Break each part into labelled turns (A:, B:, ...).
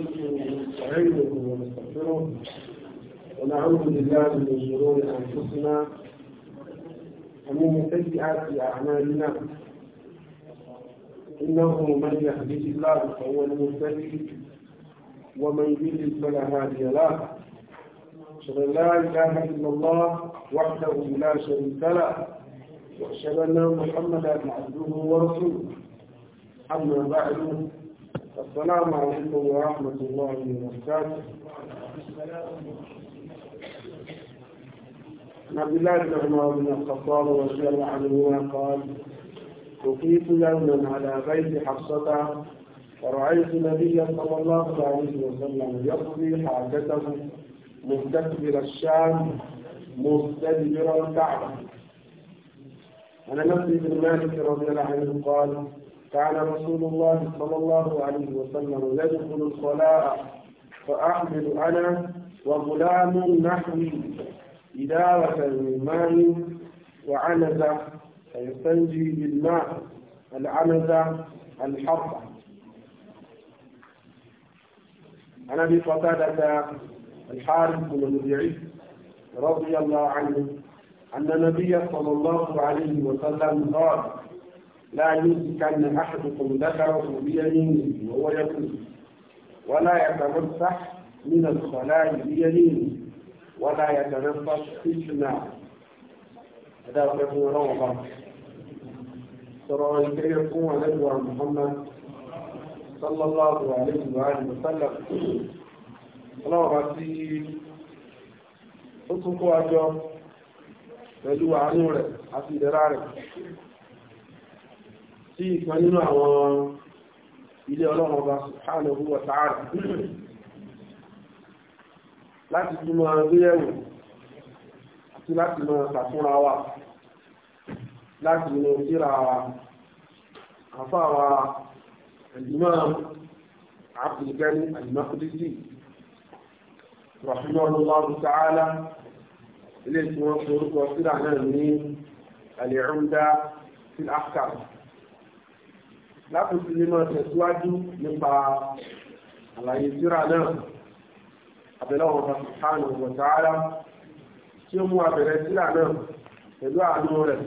A: نستعينه ونستغفره ونعوذ بالله من شرور انفسنا ومن سيئات اعمالنا انه من يهده الله فهو المهتدي ومن يضلل فلا هادي له اشهد ان لا اله الا الله وحده لا شريك له واشهد ان محمدا عبده ورسوله اما بعد السلام عليكم ورحمة الله وبركاته عن عبد الله بن عمر بن الخطاب رضي الله عنهما قال أقيت يوما على بيت حفصة فرأيت النبي صلى الله عليه وسلم يقضي حاجته مستكبر الشام مستدبر الكعبة عن نفسي بن مالك رضي الله عنه قال كان رسول الله صلى الله عليه وسلم يدخل الخلاء فأحمل أنا وغلام نحوي إدارة من ماء وعنزة فيستنجي بالماء العنزة الحرة عن أبي قتادة الحارث بن ربيعي رضي الله عنه أن النبي صلى الله عليه وسلم قال لا يمسكن أحدكم ذكره بيمينه وهو يقول ولا يتمسح من الصلاة بيمينه ولا يتنفس في الشمال هذا هو يقول روضة ترى كي يكون نبوة محمد صلى الله عليه وآله وسلم روضة في أسفق أجر pẹ̀lú àánú rẹ̀ àti sí ìkan nínú àwọn ilé ọlọ́run ọba subhanahu wa ta'ala láti túnmọ̀ gbéyẹ̀wò àti láti mọ̀ ṣàfúnra wa láti inú síra wa àfáwa al-Imam Abdul Ghani al-Maqdisi rahimahullahu ilé tí wọ́n orúkọ síra náà ní al lákòókò lè máa tẹ̀síwájú nípa àlàyé síra náà àbẹ̀lẹ̀ wọn bá sùpánù wọ̀tàárá tí ó mú àbẹ̀rẹ̀ síra náà pẹ̀lú àánú rẹ̀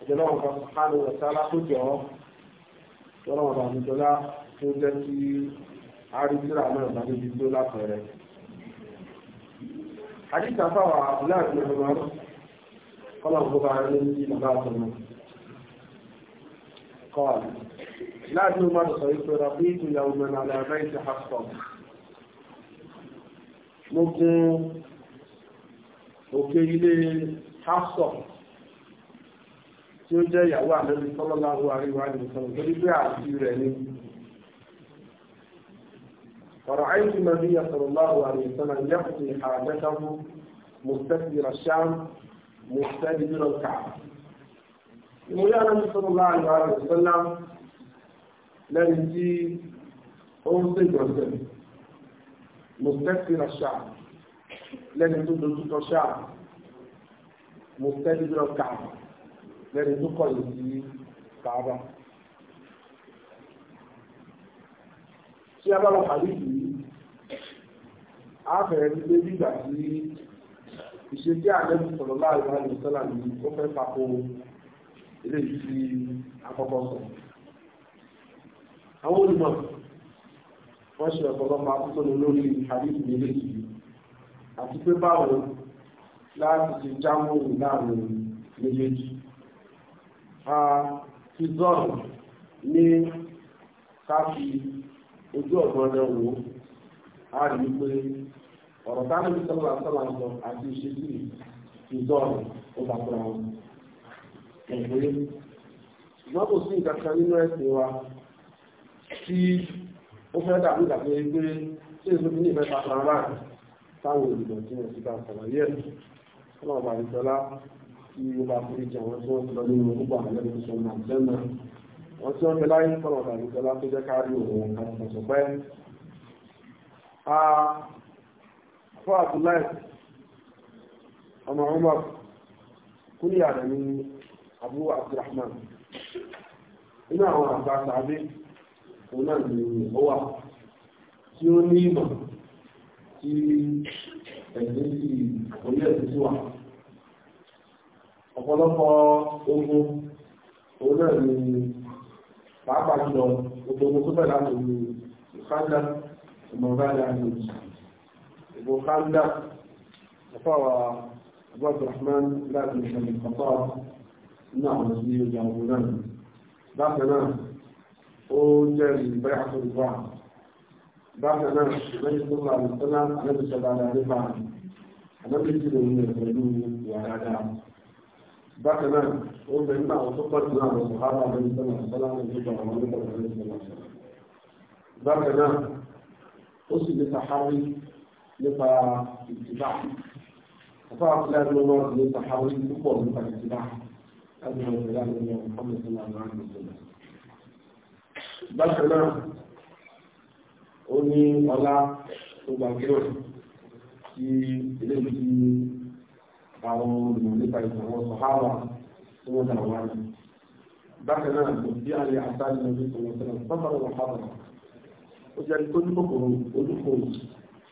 A: àbẹ̀lẹ̀ wọn bá sùpánù wọ̀tàárá tó jọ ọ́ tọ́lọ́ wọn bá nìjọlá tó jẹ́ kí àárí síra náà bá níbi tó lápẹ̀rẹ̀. àdìsá fáwọn àbúlé àti ọmọ kọ́lọ̀ gbogbo àárín ní bàbá àtọ̀nà قال لا أدري ما رأيت رقيت يوما على بيت حفصة ممكن òkè ilé hapsọ̀ tí ó jẹ́ ìyàwó àmẹ́lú sọ́lọ́láwó àríwá ní ìsọ̀rọ̀ tó ní pé àti rẹ̀ ní ọ̀rọ̀ àìsí mẹ́bí yàtọ̀lọ́láwó àríwá yẹ́kùtì rasham ìmúlẹ̀ anábì sallallahu alaihi wa sallam lẹ́ni tí ó ń ṣe ìjọsẹ̀ mustaqbil ash-sha'r lẹ́ni tó dojú kọ ṣáà mustaqbil al-Ka'ba lẹ́ni tó kọ̀ yìí sí Ka'ba. tí a bá lọ pàdé yìí a fẹ̀rẹ̀ ní pé bígbà tí ìṣe tí àlẹ́ sọ̀rọ̀ láàrin àlùsọ́là ní ó fẹ́ papò ilé ìsí àkọ́kọ́ sọ àwọn olùmọ̀ wọ́n ṣe ọ̀pọ̀lọpọ̀ akúkọ́lù lórí hadith ilé ìsí àti pé báwo láti ṣe jámọ́ láàrin méjèèjì a ti zọ́rọ̀ ní káfí ojú ọ̀gbọ́n rẹ̀ wò á rí i pé ọ̀rọ̀ táwọn ìṣẹ́lẹ̀ àti ìṣẹ́lẹ̀ ti zọ́rọ̀ ó bá tó ra wọn ẹ̀gbẹ́ ṣùgbọ́n kò sí nǹkan kan nínú ẹ̀sìn wa tí ó fẹ́ dàbí ìdàgbé pé tí èso bí ní ìfẹ́ pàtàkì báyìí táwọn olùdọ̀ tí wọ́n ti bá sọ̀rọ̀ yẹ̀ ọlọ́run bá ìṣọ́lá tí ó bá fi jẹ àwọn tí wọ́n ti lọ nínú gbogbo àwọn ẹlẹ́gbẹ̀ẹ́ sọ náà lẹ́nu wọ́n tí wọ́n fi láyé ọlọ́run bá ìṣọ́lá tó jẹ́ káàrí òun àti ìṣọ̀pẹ́ fún àbúláì ọmọ ọmọ kúrò yàrá ní Abu Abdulrahman inú àwọn àgbà sàbí òun náà ni ó wà tí ó ní ìmọ̀ tí ẹ̀sìn sí orí ẹ̀sìn sí wà ọ̀pọ̀lọpọ̀ ogun òun náà ni pàápàá jùlọ gbogbo ogun tó bẹ̀rẹ̀ láti ní ìkájá ìmọ̀ráyà ní ìbò kájá ọ̀fọ́wà Abu Abdulrahman láti ìṣẹ̀lẹ̀ kọ̀tọ́ nínú àwọn tí ó jà ogun náà bákan náà ó jẹ́ ìgbẹ́ àtòlùfà bákan náà lẹ́yìn tó bá àlùsọ́lá alẹ́bùsọ̀lá àdáríbà alẹ́bùsí lòun rẹ̀ pẹ̀lú ìwà dáadáa bákan náà ó bẹ̀ nínú àwọn tó pọ̀jù náà lọ sọ̀hárà alẹ́bùsọ̀lá àlùsọ́lá àlùsọ́lá àlùsọ́lá bákan náà ó sì lè sàhárí nípa ìtìbá àfáà fúlẹ́ ló lọ́ọ́ lè sàhárí púpọ̀ nípa ìtìbá أبنى وسلام من محمد صلى الله عليه وسلم bákan náà ó ní ọlá tó gbàgbọ́ tí eléyìí tí àwọn olùmọ̀ nípa ìtàwọn sọ̀háwà tí wọ́n dà wá ní bákan náà kò sí àyè àtàlẹ́ lórí ìtàwọn sọ̀rọ̀ sọ́kọ̀rọ̀ wàhálà ó jẹ́ kó ní kòkòrò olùkòrò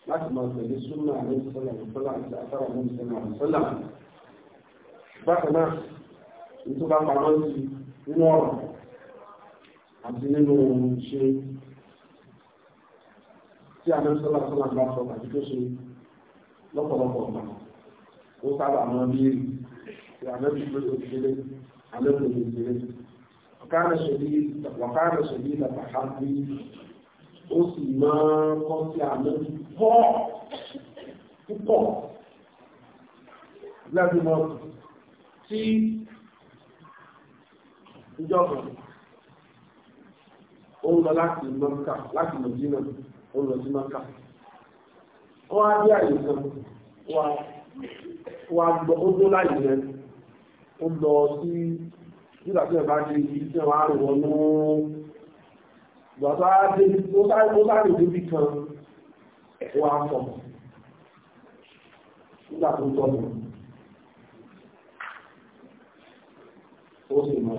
A: láti máa tẹ̀lé súnmọ́ àlẹ́ ìsọ́lá tó bá pamọ́ sí nínú ọ̀rọ̀ àti nínú ṣe tí a mẹ́rin sọ́lá sọ́lá bá sọ àti tó ṣe lọ́pọ̀lọpọ̀ ọ̀gbà ó sábà mọ́ bí èrì tí a mẹ́rin tó ṣe òṣèré alẹ́kùn òṣèré wàkàrẹ̀ ṣèlú ìdàpà hábí ó sì máa kọ́ sí àmẹ́rin pọ̀ púpọ̀ lábí mọ́ tí ìjọba ó ń lọ láti mọ́ká láti mọ̀jínà ó ń lọ sí mọ́ká wọ́n á dé àyè kan wọ́n á gbọ́ ó dó láyè rẹ̀ ó lọ sí nígbà tí ẹ̀bá dé ibi tí wọ́n á rò wọ́n ní ìgbà tó á dé ó sáré ó sáré débi kan wọ́n á sọ nígbà tó ń sọ ó sì mọ̀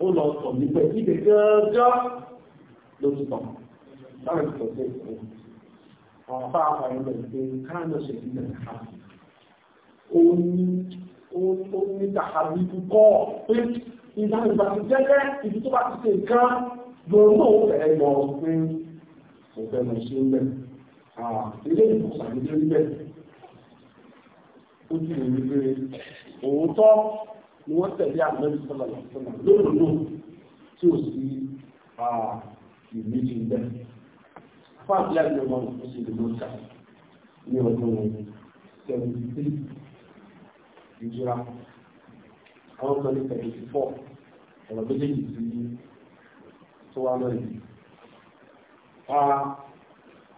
A: ó lọ sọ nípa ìdíje gẹ́gẹ́ ló ti tàn láwọn ìtọ́ sí ìtọ́ àwọn afá àfààní rẹ̀ pé káàdì ṣe ti ká ó ní ó ní tàbí kọ́ pé ìdáhùn ìgbà ti jẹ́jẹ́ ibi tó bá ti ṣe nǹkan lórí náà ó fẹ́ lọ pé kò fẹ́ lọ ṣe ń bẹ̀ ilé ìwòsàn ìdílé bẹ̀ ó ti rìn wípé òótọ́ ni wọ́n tẹ̀lé àgbẹ̀bí sọ́lá lọ́sọ́nà lóòrùn náà tí ò sí ìmíjì bẹ́ẹ̀. fáàbí àgbẹ̀ wọn kò sí ìlú mọ́ta ní ọdún seventy three ìjọra àwọn kan ní seventy four ọ̀rọ̀ méjèèjì sí tó wá lọ́yìn.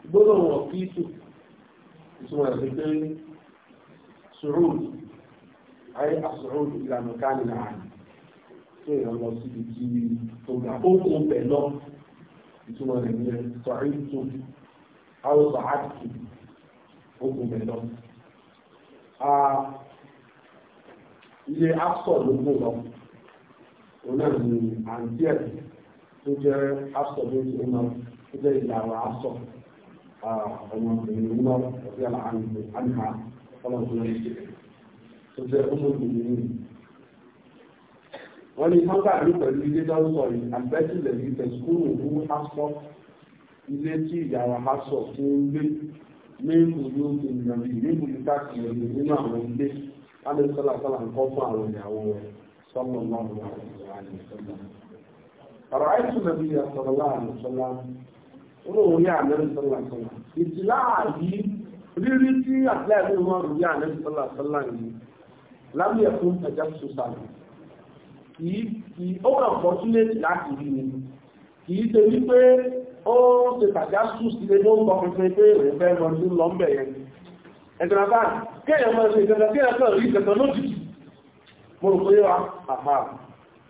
A: gbọ́dọ̀ wọ̀ kí tù ìtumọ̀ ẹ̀ pé sùúrù ayé àsọ̀rọ̀ ìlànà káàní náà tó ìran lọ síbi tí tó ga ó bẹ̀ lọ ìtumọ̀ rẹ̀ ní sọ̀rí tó àwòsà àtìkì ó bẹ̀ lọ. asọ̀ ló mú lọ òun náà ní àǹtíẹ̀ tó jẹ́ asọ̀ tó jẹ́ asọ̀ ọmọbìnrin ọ̀sẹ̀ tó jẹ́ ọmọdé wọn wọ́n ní mọ́gà ní pẹ̀lú ilé tó ń sọ yìí àbẹ́sílẹ̀ yìí tẹ̀síkúrò fún hásọ ilé tí ìyàwó hásọ tí ń gbé méjì ló ti nàbí méjì ní káàkiri nínú àwọn ilé láti fún àwọn ìyàwó náà wà ọ̀rọ̀ nàbí láàrin ó lóun àmẹ́rin ìtìláàbí rírí tí àtìláàbí wọn rí àmẹ́rin yìí lábẹ́ ẹ̀kún ẹ̀jẹ̀ sọ́sàlẹ̀ kìí kì ó kàn fọ́túnlẹ̀tì láti rí ni kìí ṣe wípé ó ṣe tàjá sùn sílé ló ń kọkùn fún pé rẹ̀ fẹ́ lọ ní lọ́m̀bẹ̀ yẹn ẹ̀dùn àbá kéèyàn máa ṣe ìjọba kéèyàn kan rí ìjọba lójijì mo rò pé wa àbá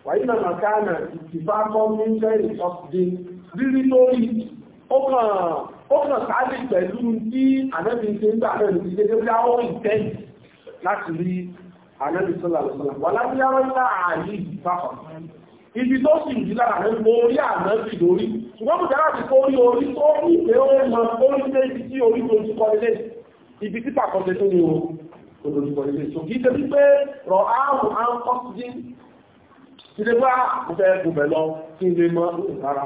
A: wàyí náà màkà náà ìtìbá kọ́ ní jẹ́rì ọ̀sìn rírí lórí ó kàn ó kàn sáájú pẹ̀lú tí ànábi ṣe ń gbà láti rí ànábì sọ́lá lọ́sọ́lá wà lábíyá rọ́lá ààyè ìfàkọ̀ ibi tó sì ń dílára rẹ̀ mọ orí ànábì lórí ṣùgbọ́n kò dára ti kó orí orí tó ní ìpé ó mọ orí lé ibi tí orí tó ti kọlé ibi tí pàkọ́tẹ́ tó ní o olórí kọlé so kì í ṣe wípé rọ̀ áàrùn á ń kọ́ sí ti lè bá mo fẹ́ gùnbẹ̀ lọ kí n lè mọ rárá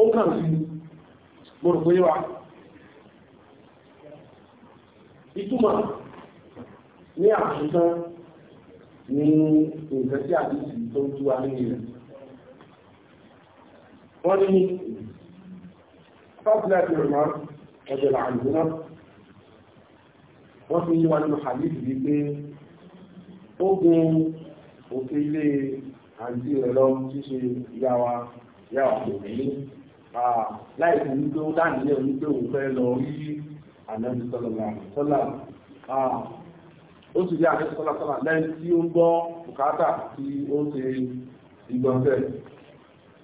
A: ó kàn sí mo rò pé wà ìtumọ̀ ní àṣìṣán ní nǹkan tí àdìsí tó ń tú wa nínú rẹ̀. Wọ́n ní fọ́pùlẹ̀ tí ó máa ọjọ́ làǹdù náà. Wọ́n fi yíwa nínú àdìsí bí pé ó gun òfin ilé àǹtí rẹ̀ lọ ṣíṣe yáwa yáwa kò ní láì fún wípé ó dánílẹ̀ wípé òun fẹ́ lọ rí ànábi sọ́lọ́lá ó sì rí àdéhùn sọ́lásọ́lá lẹ́yìn tí ó ń gbọ́ bùkátà tí ó ń ṣe ìgbọ̀nsẹ̀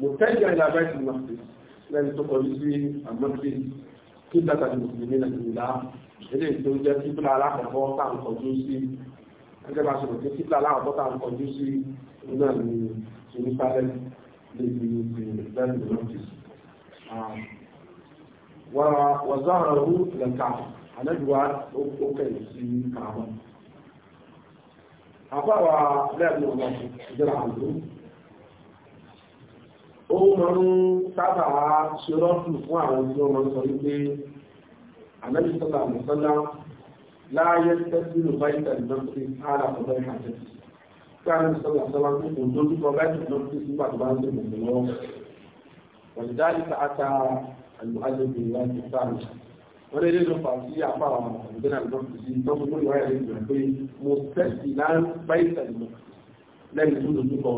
A: mo tẹ́jọ́ ìlà bẹ́ẹ̀ tí mo ṣe lẹ́yìn tó kọjú sí àmọ́tí kí bàtà ti mùsùlùmí náà ti là ilé tó jẹ́ kíbla alákọ̀ọ́kọ́ tá à ń kọjú sí ẹgbẹ́ bá ṣòro pé kíbla alákọ̀ọ́kọ́ tá à ń kọjú sí náà ní Jerusalem níbi ìgbẹ́ni lọ́tì wàzáhàrú àfáwà lẹ́ẹ̀mọ̀ ọ̀gbọ̀n ìjọba àbúrú ó máa ń sábà ṣe rọ́pù fún àwọn tí wọ́n máa ń sọ wípé ànábì sọ́lá àmọ́sọ́lá láàyè tẹ́sí ló báyìí tẹ̀lé náà sí ara ọ̀dọ́ ìhàjẹ́ tí ànábì sọ́lá sọ́lá wọ́n lé nínú fàájì àpáwọn ọ̀gbẹ́n àgbọ̀n kò sí tọ́jú tó lọ́wọ́ ẹ̀rí ìgbà pé mo tẹ́sì náà báyìí tẹ̀lé lẹ́yìn tó lójú kọ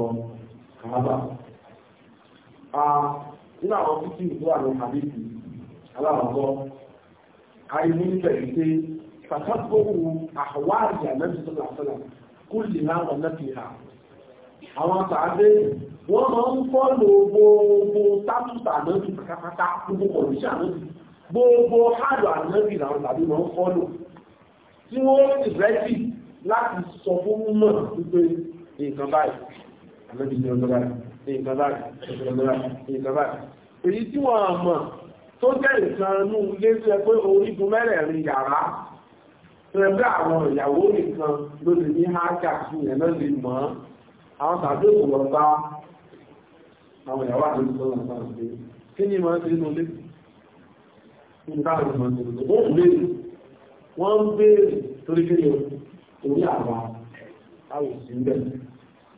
A: kàábà. nínú àwọn títí ìlú àwọn àbíkì aláwọ̀kọ́ àìní níbẹ̀ yìí pé pàtàkùrù àwárí àmẹ́sọ̀tò làṣọ́là kó lè náà wọ̀ lẹ́fì ha. àwọn àtàdé wọ́n máa ń fọ́ọ̀lù gbogbo sátútà náà ju kàkàkàkà gbogbo kọ̀ọ̀lù gbogbo hàlù ànábì làwọn tàbí wọn fọ́lù tí wọ́n ti rẹ́jì láti sọ fún mọ̀ wípé nǹkan báyìí ànábì ní ọjọ́ báyìí nǹkan báyìí ọjọ́ báyìí nǹkan báyìí èyí tí wọ́n mọ̀ tó jẹ́ nǹkan inú ilé tó yẹ pé orígun mẹ́rẹ̀ẹ̀rin yàrá tó àwọn ìyàwó nìkan ló lè ní hákà sí ìyẹn náà lè mọ̀ àwọn tàbí òkú lọ àwọn ìyàwó àti ìṣòro nǹkan ìgbé kí ni mọ̀ wọ́n ń béèrè torí kí ni àwa àwòsí ń bẹ̀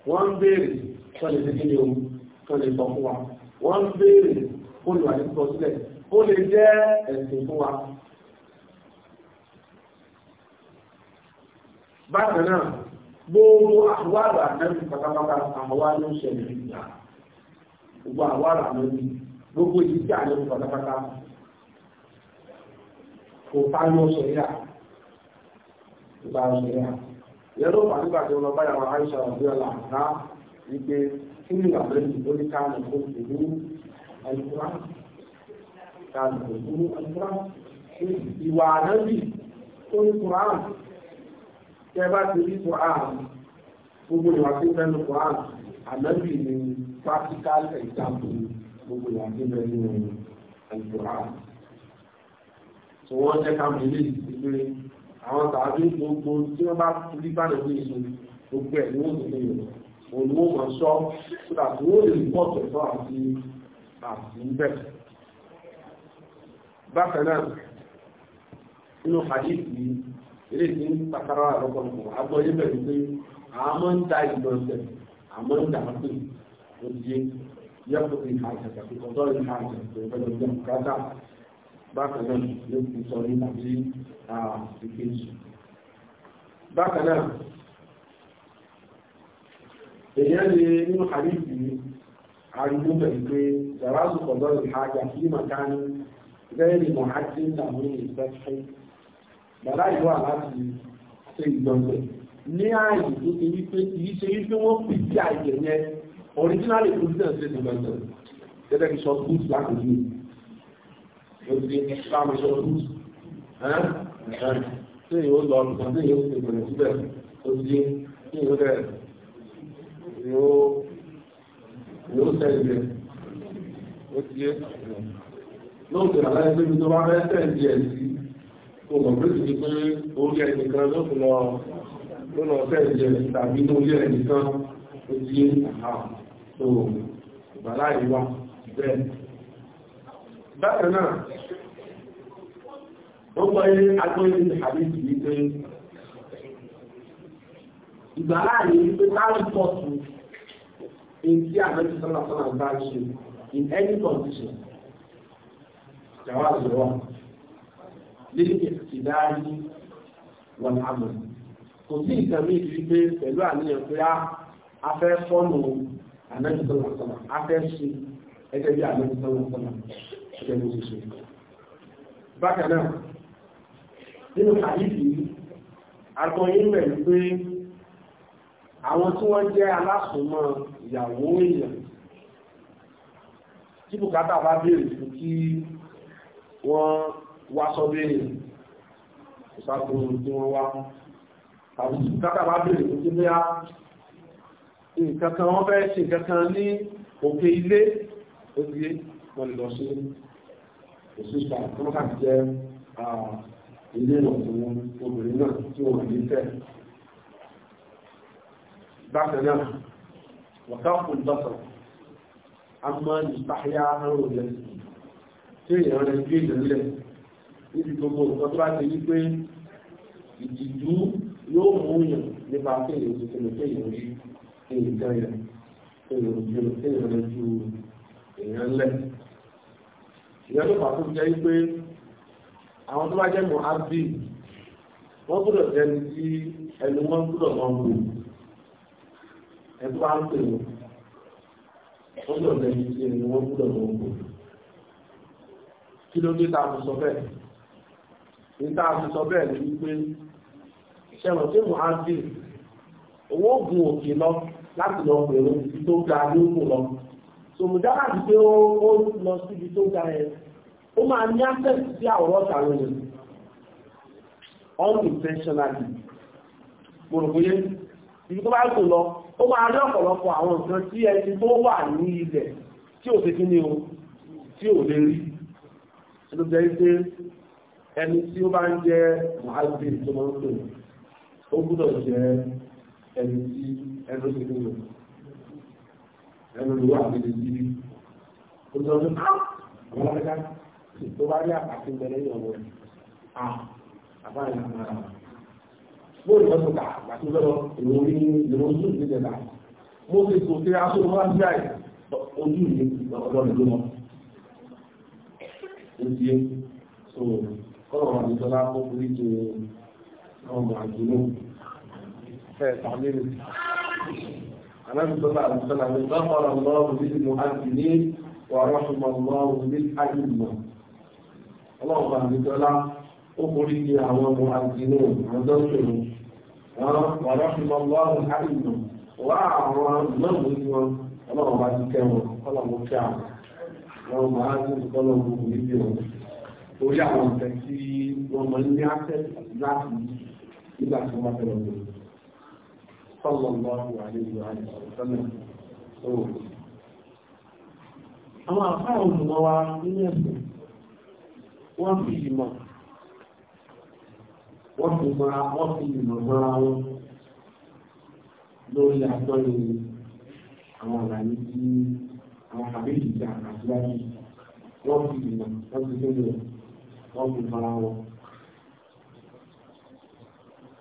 A: wọ́n béèrè kọ́lẹ̀ sí kí ni ohun kọ́lẹ̀ sọ wa wọ́n béèrè fún ó lè jẹ́ ẹ̀sìn fún wa bákan náà gbogbo àwárà pátápátá ló ń ṣẹlẹ̀ nígbà gbogbo àwárà gbogbo ìdíjà pátápátá kòtánú sọ̀yà ìbára sọ̀yà yẹ́rọ pàdúgbà tí wọ́n bá yàwó àìsà àbúrẹ́là àná wípé kí ni ìgbà lẹ́yìn tó ní káàmù tó kù ní káàmù tó kù ní ìwà ànábì tó ní kùrán tẹ́ bá ti rí kùrán gbogbo ìwà tí ń fẹ́nu kùrán ànábì ni practical example gbogbo ìwà tí ń fẹ́nu ẹnìkúrán tí wọ́n jẹ́ ká mọ̀ ilé ìgbé àwọn tàbí gbogbo tí wọ́n bá rí bàdàn ní ìlú gbogbo ẹ̀ ní wọ́n ti lè òun ó mọ̀ sọ síta tí wọ́n lè pọ̀ tẹ̀tọ́ àti àti ń bẹ̀. bákan náà nínú hadith yìí eré tí ń pàtàrà lọ́pọ̀lọpọ̀ agbọ́ yé bẹ̀rẹ̀ pé àmọ́ ń da ìgbọ̀nsẹ̀ àmọ́ ń dà á pè ó di yẹ́pọ̀ ní àjẹ̀kẹ̀ tó tọ́ ní àjẹ̀kẹ̀ tó tọ́ ní àjẹ̀kẹ̀ bákan náà ló fi sọ nípa sí ìkejì bákan náà èyàn lè nínú àríkì ariwo pẹ̀lú pé zarazu kọ̀dọ̀ ìhájà sí màkánì gẹ́ẹ̀lì mọ̀hájí tàbí ìfẹ́fẹ́ bàbá ìlú àláti ṣe ìgbọ̀ngbẹ̀ ní ààyè tó ṣe wípé kìí ṣe wípé wọ́n pè sí àìjẹ̀ yẹn original producer ṣe ìgbọ̀ngbẹ̀ gẹ́gẹ́ bí sọ booth lákòókò òtí ṣe yóò lọ ọ̀rùn tí yóò ti gbèrè síbẹ̀ òtí tí yóò rẹ̀ yóò tẹ̀lé ó ti yé lóòtù àláìsí ibi tó bá fẹ́ tẹ̀lé ẹ̀ sí kò mọ̀ pé ti pé orí ẹ̀sìn kan ló fi lọ lọ tẹ̀lé ẹ̀ tàbí ní orí ẹ̀sìn kan ó ti yé àhà tó ìgbàláyé wà bẹ́ẹ̀ bákan náà ó gbọ́ ilé agbóyìn àbíkì wípé ìgbàlá yìí wípé káwọn pọ̀tù ìdí àmẹ́jì sọ́nàfọ́nà bá ṣe in any condition jàwá àjọwà lílì ìdájí wọn àmọ̀ kò sí ìtẹ̀mí ìdí wípé pẹ̀lú àníyàn pé a fẹ́ fọ́nù àmẹ́jì sọ́nàfọ́nà a fẹ́ ṣe ẹgbẹ́ bí àmẹ́jì sọ́nàfọ́nà ṣe mú ṣe bákan náà nínú àyíkì àgbọ̀nyìn pẹ̀lú pé àwọn tí wọ́n jẹ́ alásùnmọ́ ìyàwó èèyàn tí bùkátà bá béèrè fún kí wọ́n wá sọ béèrè ìsàkóòrò tí wọ́n wá tàbí bùkátà bá béèrè fún kí bí a nǹkankan wọ́n fẹ́ ṣe nǹkankan ní òkè ilé ó di wọ́n lọ sí kò sí ìgbà tó kà jẹ́ ilé ìwọ̀n obìnrin náà tí wọ́n ní fẹ́. Bákan náà, wọ̀káfù lọ́sọ̀, a máa ń ìpáyá àrùn rẹ̀ tí èèyàn rẹ̀ gbé ìdẹ̀lẹ̀ níbi gbogbo nǹkan tó bá ti rí pé ìdìdú yóò mú yàn nípa pé èèyàn ti fẹ́lẹ̀ pé èèyàn rí èèyàn jẹ́ yẹn, èèyàn rẹ̀ ju èèyàn lẹ̀. ìyẹn ló pàtó jẹ́ wípé àwọn tó bá jẹ́ mọ̀ ábí wọ́n gbọ́dọ̀ jẹ́ni tí ẹnu wọn gbọ́dọ̀ mọ́ ń gbò ẹ̀tọ́ á ń pè wọ́n gbọ́dọ̀ jẹ́ni tí ẹnu wọn gbọ́dọ̀ mọ́ ń gbò kí ló dé tá a fi sọ bẹ́ẹ̀ ní tá a fi sọ bẹ́ẹ̀ ni wípé ṣẹ̀wọ̀n tí mọ̀ ábí owó gun òkè lọ láti lọ pèrò tó ga ní òkú lọ tòmùdára ti pé ó lọ síbi tó ga ẹ̀ ó máa ní access sí àwòrán tàwọn ènìyàn unintentionally mo rò pé ibi tó bá kò lọ ó máa rí ọ̀pọ̀lọpọ̀ àwọn nǹkan tí ẹni tó wà ní ilẹ̀ tí ò ṣe ni o tí ò lè rí ló jẹ́ pé ẹni tí ó bá ń jẹ́ màálùbí tó máa ń pè ó gbúdọ̀ jẹ́ ẹni tí ẹni tó ṣe ni o ẹnu ló wà níbi bíbí ó sọ fún ah! àwọn ọlọ́dá tó bá rí àpàtì ìbẹ̀rẹ̀ ìyàwó ẹ̀ à ah! àbáyé àmàrà bóyá ìwọ́n tó kà àti lọ́wọ́ èrò orí èrò ojú ìlú ìjẹta mo ti kò sí aṣọ wọn bí àì ojú ìlú ọlọ́run ló mọ ó di é so kọ́lọ̀ wọn àti sọlá kó forí ṣe ọmọ àjùlọ fẹ́ẹ̀ tàbí rẹ̀. النبي صلى الله عليه وسلم غفر الله للمؤذنين ورحم الله للأئمة الله سبحانه وتعالى أخرج على المؤذنين عندهم ورحم الله الأئمة وأعرض منهم الله بعد كم الله كعب الله معاذ الله بهم orí àwọn nǹkan tí wọ́n mọ̀ ní access láti nígbà tí wọ́n bá lọ bẹ̀rẹ̀. sallallahu alayhi wa dị àwọn àfáà olùmọ̀ wa nínú ẹ̀sìn wọ́n fi ìmọ̀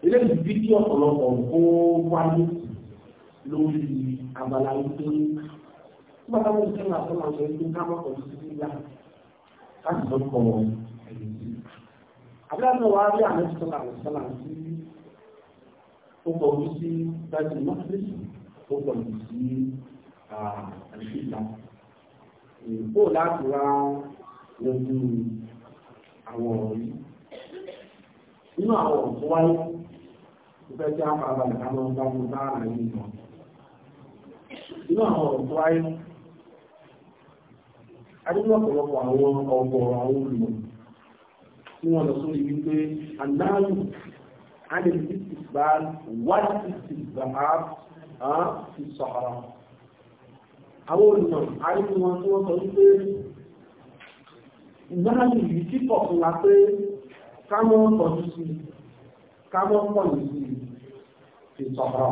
A: eléyìí bí kí ọ̀pọ̀lọpọ̀ kó wáyé lórí abala wípé nígbà táwọn ìṣẹ́ náà tó máa ń sọ ká má sí nígbà láti lọ kọ̀ wọ́n. Àbílẹ̀ náà wá rí àmì sọ́là sọ́là sí ó kọ̀ ojú sí dájú mọ́tìlẹ́sì ó kọ̀ ojú sí àṣìlá. Ìpò láti wá yanjú àwọn ọ̀rọ̀ yìí. Nínú àwọn ọ̀rọ̀ tó wáyé fẹ́ jẹ́ àpàbalẹ̀ àwọn ọba mú bá àárín ìmọ̀. Inú àwọn ọ̀tọ́ ayé, adúgbò ọ̀pọ̀lọpọ̀ àwọn ọgbọ̀ àwọn olùmọ̀ tí wọ́n lọ sórí wípé anáàlù adìsí ìgbà wájú ìgbà ti sọ̀rọ̀. Àwọn olùmọ̀ àárín wọn tí wọ́n sọ wípé náàlù yìí kíkọ̀ fún wa pé ká mọ́ pọ̀jù sí ká mọ́ sí fi sọ̀rọ̀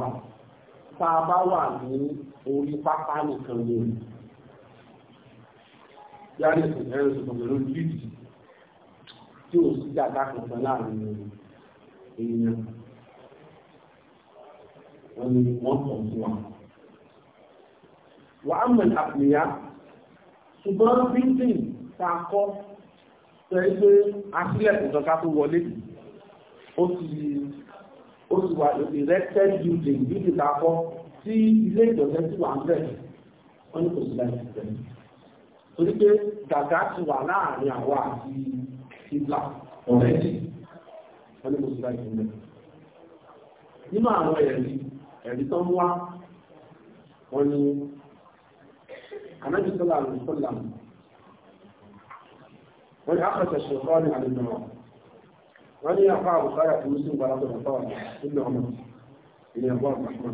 A: tá a bá wà ní orí pápá nìkan lè rí yára ìsìn ẹ̀rọ ìsìnkú lórí bíìtì tí ò sí dàgbà kankan láàrin èèyàn wọn ni wọ́n tọ̀ sí wa. wà á mọ̀ àpèyá ṣùgbọ́n bíìtì tá kọ́ sọ pé asílẹ̀ ìjọba tó wọlé ó ti ó ti wà lórí erected building building ta kọ́ tí ilé ìjọsìn ti wà ń bẹ̀ wọ́n ní kò sí láì sí bẹ́ẹ̀. torí pé gàgá ti wà láàrin àwa àti ìlà ọ̀rẹ́dì wọ́n ní kò sí láì sí bẹ́ẹ̀. nínú àwọn ẹ̀rí ẹ̀rí tó ń wá wọ́n ní anájú sọ́lá àrùn sọ́lá wọ́n ní àpẹẹsẹ̀ ṣèkọ́ ní àlejò náà wọ́n ní àfá àbùsáyà tó sí ìgbà látọ̀ ìfáwà nílẹ̀ ọmọ ilẹ̀ ẹ̀gbọ́n àpapọ̀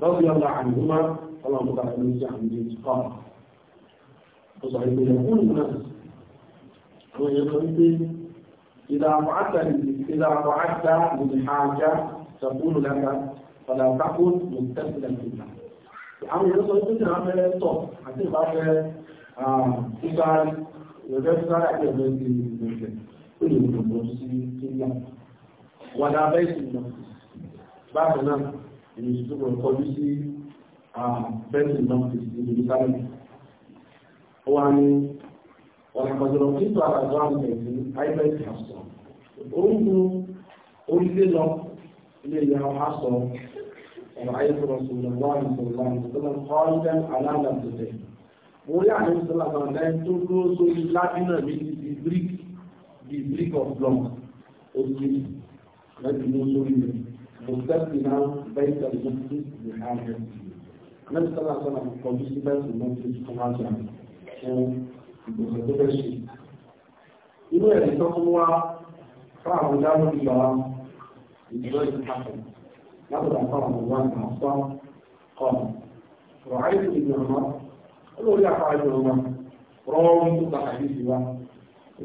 A: lọ́bí ọlá àdúgbà ọlọ́mọdé àti oúnjẹ àmì ìjìká ó àwọn èèyàn sọ wípé إذا وعدت للحاجة تقول لك فلا تكن متصلا بها. àwọn èèyàn sọ wípé náà fẹ́ tọ̀ àti ìbá fẹ́ ìgbà ìrẹ́sì sára ẹgbẹ̀rún ti ìgbẹ̀rẹ̀ ó lè dùnmọ́ sí kíńdà wàdà abẹ́sì náà bákan náà èyí tó kọ̀ kọjú sí abẹ́sì náà ti di ìlú sáré ó wá ní ọ̀nàkọ̀sọ̀rọ̀ kíkọ àgbàdo àwọn ẹ̀sìn ibẹ́sì àṣọ orúkú orílẹ̀ lọ ilé ìyàwó àṣọ رأيت رسول الله صلى الله عليه وسلم خالدا على لبسته. Mo rí àdéhùn sọ́lá kan lẹ́yìn tó dúró sórí lábínà mi ti di bíríkì the break of lungs okay láti mú sórí rẹ̀ mo tẹ́sí náà bẹ́ẹ̀ tẹ̀lé mọ́ sí ìhà rẹ̀ mẹ́tí sábà sábà kọjú sí bẹ́ẹ̀ tó fún ìgbésẹ̀ fún wa fáwọn dáná ìgbà ìjọ ìpàkọ̀ látọ̀dà fáwọn ọmọ àgbà fún ọmọ rọ̀ àìsí ìgbìmọ̀ olórí àfáàjọ ọmọ rọ́ọ̀rùn tó ta àìsí wa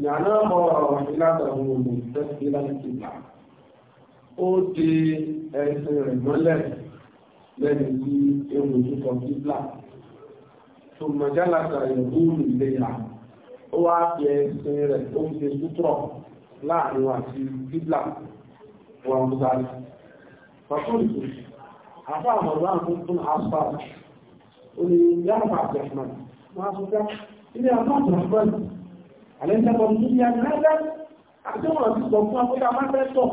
A: ìyànà ọ̀rọ̀ ìlàtàwọn òmù tẹ́sí láti gbà ó di ẹ̀sìn rẹ̀ mọ́lẹ̀ lẹ́yìn tí ewu ìtúkọ̀ kíblà tó mọ̀jálàkà ìlú ìlera ó wá fi ẹ̀sìn rẹ̀ ó ń ṣe sútúrọ̀ láàrin àti kíblà wọn mọ́sálì fàkúrìtì àfà àmọ̀lá àkókún àṣà ó ní yàrá àti ẹ̀fọn wọn ilé àbá àti àlẹ́sẹ̀kọ̀ ní ilé agbẹ́gbẹ́ àtúnwò ti sọ fún akọ́ta máa fẹ́ sọ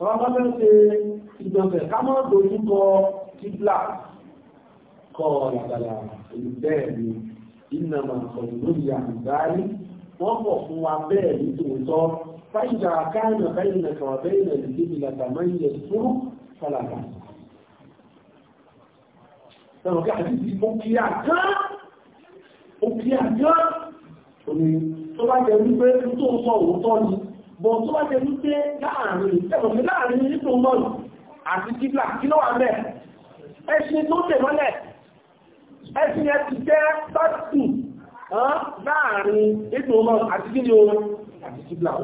A: ọmọ máa fẹ́ ṣe ìgbọ̀nsẹ̀ ká mọ́ dojú kọ kíblà kọ làbàlà bẹ́ẹ̀ ni iná máa sọ lórí àgbáyé wọ́n pọ̀ fún wa bẹ́ẹ̀ ní tòótọ́ fáyìjà káyọ̀ káyọ̀ kàwà bẹ́ẹ̀ nà lè débi làtà máa ń yẹ fún kí àti ti mú kí àgán, mú ó ní tó bá jẹ wípé tó ń sọ òótọ́ ni bọ̀ tó bá jẹ wípé láàrin ìtẹ́lọ̀mí láàrin jẹ́ tọ́tù láàrin nítò mọ́lù àti kí ni o àti kíblà kò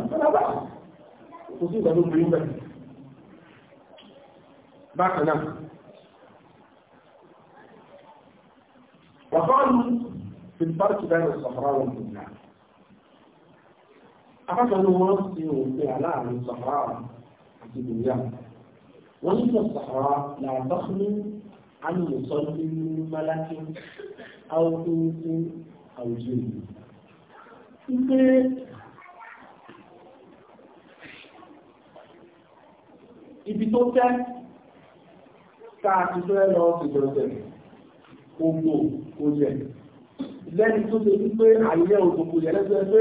A: sí ìgbàlú obìnrin bẹ̀rẹ̀ bákan náà wàkọ́ọ̀lù في الفرق بين الصحراء والبنيان akọ́kànnú wọn ti òǹtẹ aláàrin sàfàrà àti ìdòyà wọn ní sọ sàfàrà làbáfúnú alùmùsọ nínú málákì áwòkúnkú àwùjọ ìlú wípé ibi tó tẹ́ káà ti fẹ́ lọ sí ìjọsẹ̀ gbogbo kò yẹ lẹ́ni tó ṣe wípé àyẹ́ òkòkò yẹ lẹ́sẹ̀ pé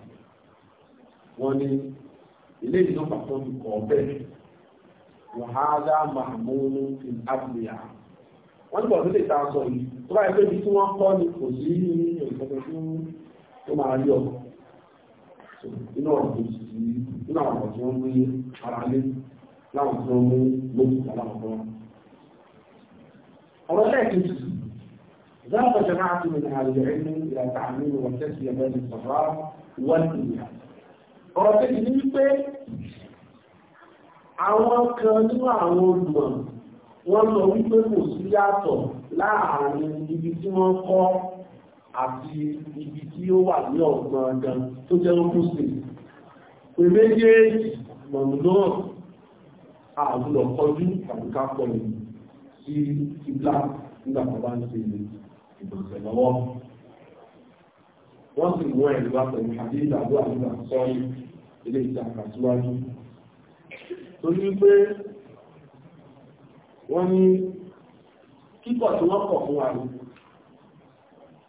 A: wọ́n ní ilé ìjọba tó fi kọ̀ bẹ́ẹ̀ wàhálà mahmudu fi abdiya wọ́n nígbà tó lè ta sọ yìí tó bá yẹ pé ibi tí wọ́n kọ́ ni kò sí ìrìnkọ́tọ̀ fún tó máa yọ inú ọ̀rọ̀ kò sí inú àwọn ọ̀rọ̀ tí wọ́n gbé ara lé láwọn tí wọ́n mú lókùnkà láwọn tó ọ̀rọ̀ lẹ́ẹ̀kejì ذهب جماعة من أهل العلم إلى تعميم وتسلية بين الصغار والإنجاز ọ̀rọ̀ tẹ́jì ní wípé àwọn kan nínú àwọn olùmọ̀ wọ́n lọ wípé kò sí yàtọ̀ láàárín ibi tí wọ́n kọ́ àti ibi tí ó wà ní ọ̀gbọ̀n gan tó jẹ́ ókúsì pé méjèèjì mọ̀nà àwùlọ̀ kọjú àbúká pọ̀lú sí ìgbà nígbà tó bá ń ṣe ìgbọ̀nsẹ̀ lọ́wọ́ wọ́n sì wọ́n ẹ̀rí wá pẹ̀lú àdéhùn àbúrò àdúrà sọ́ọ́lì ilé ìtàkà síwájú. torí pé wọ́n ní kíkọ̀ tí wọ́n kọ̀ fún wa ní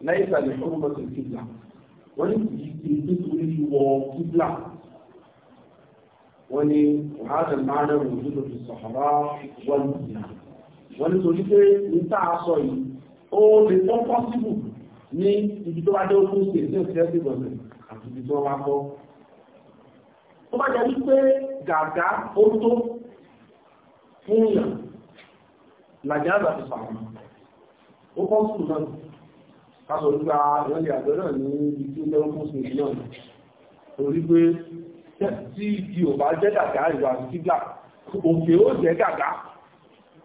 A: lẹ́yìn ìsàlẹ̀ fún ọmọ tó kíbla wọ́n ní kìí ti ní torí wọ kíbla wọ́n ní wàhálà márùn ún nínú ìsọ̀hárá wọ́n ní torí pé ní tá a sọ yìí ó lè pọ́n pọ́sibù ní ibi tó wá dé ókú sí ní òṣìṣẹ́ sí gọ̀ọ̀sẹ̀ àti ibi tó wá kọ́. Ó bá jẹ́ wípé gàgá ó tó fún yàn làjá àti sàmà. Ó kọ́ sùn náà. Káṣọ nípa ah, ìrọ̀lẹ̀ àjọ náà ní ibi tí ó jẹ́ ókú sí ìlú náà. Torí pé tí ibi ò bá jẹ́ gàgá ìwà àti kígbà, òkè ó jẹ́ gàgá.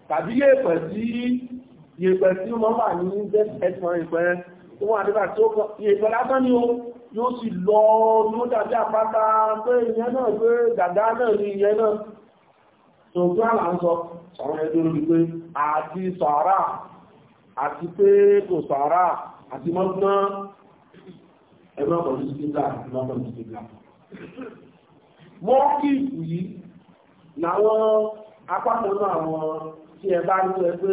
A: Tàbí yé pẹ̀ sí yèpẹ̀ tí wọ́n wà ní ẹ̀sán ìpẹ́ wọ́n àdíbà tí ó yẹ ìfẹ́ lásán ni ó yóò sì lọ ló dàbí àpáta pé ìyẹn náà pé dàdá náà ní ìyẹn náà tó tó àlà ń sọ sọ̀rọ̀ ẹ̀dọ́ lórí pé àti sàárà àti pé kò sàárà àti mọ́gbọ́n ẹgbẹ́ ọ̀pọ̀ ní sílá àti mọ́gbọ́n ní sílá mọ́kì yìí làwọn apákan náà àwọn tí ẹ bá ń sọ pé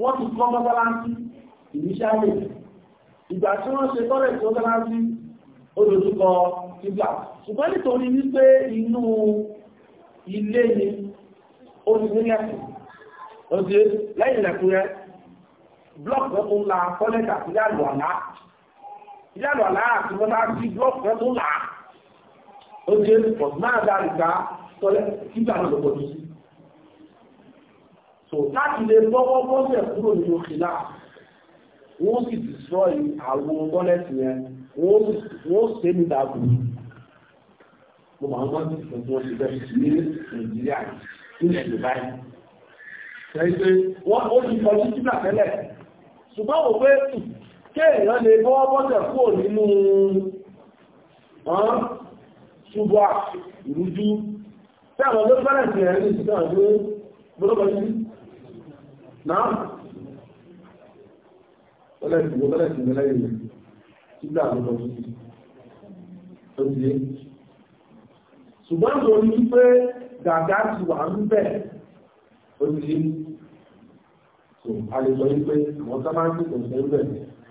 A: wọ́n ti kọ́ mọ́sálásí ìníṣẹ́ àyè ìgbà tí wọ́n ṣe tọ́lẹ̀ tí ó dára sí olùdókọ ìgbà ṣùgbọ́n nítorí wípé inú ilé ni ó ti ní ẹ̀sìn ó ti lẹ́yìn lẹ́kúnrẹ́ blọọkù rẹ̀ tó ń la tọ́lẹ̀tà ìyàlù àlá ìyàlù àlá àti wọ́n bá sí blọọkù rẹ̀ tó ń la ó ti máa dá ìgbà tọ́lẹ̀ ìgbà náà lọ́pọ̀ tó sí so láti lè bọ́wọ́ bọ́sẹ̀ kúrò nínú wọ́n sì destroy àwo bọ́lẹ́tì yẹn wọ́n ṣe ní dàbò mo máa ń wọ́n ní ìfẹ́ tí wọ́n ṣe bẹ́ẹ̀ ní nàìjíríà nílẹ̀ yorùbá yìí pé wọ́n ó ti kọjú síta tẹ́lẹ̀ ṣùgbọ́n wò pé kéèyàn lè bọ́wọ́ bọ́tẹ̀ kúrò nínú ṣubọ́ ìrújú tí àwọn olóògbé bẹ́rẹ̀ sí ẹ̀rí sí àwọn olóògbé náà tọ́lẹ̀ ìwò tọ́lẹ̀ ìwò lẹ́yìn rẹ̀ sígbà àlọ́dọ̀ títí tó ti yé ṣùgbọ́n tó ní wípé gàgá ti wà ń bẹ̀ ó ti yé tó a lè sọ wípé àwọn tó máa ń tètè ṣe ń bẹ̀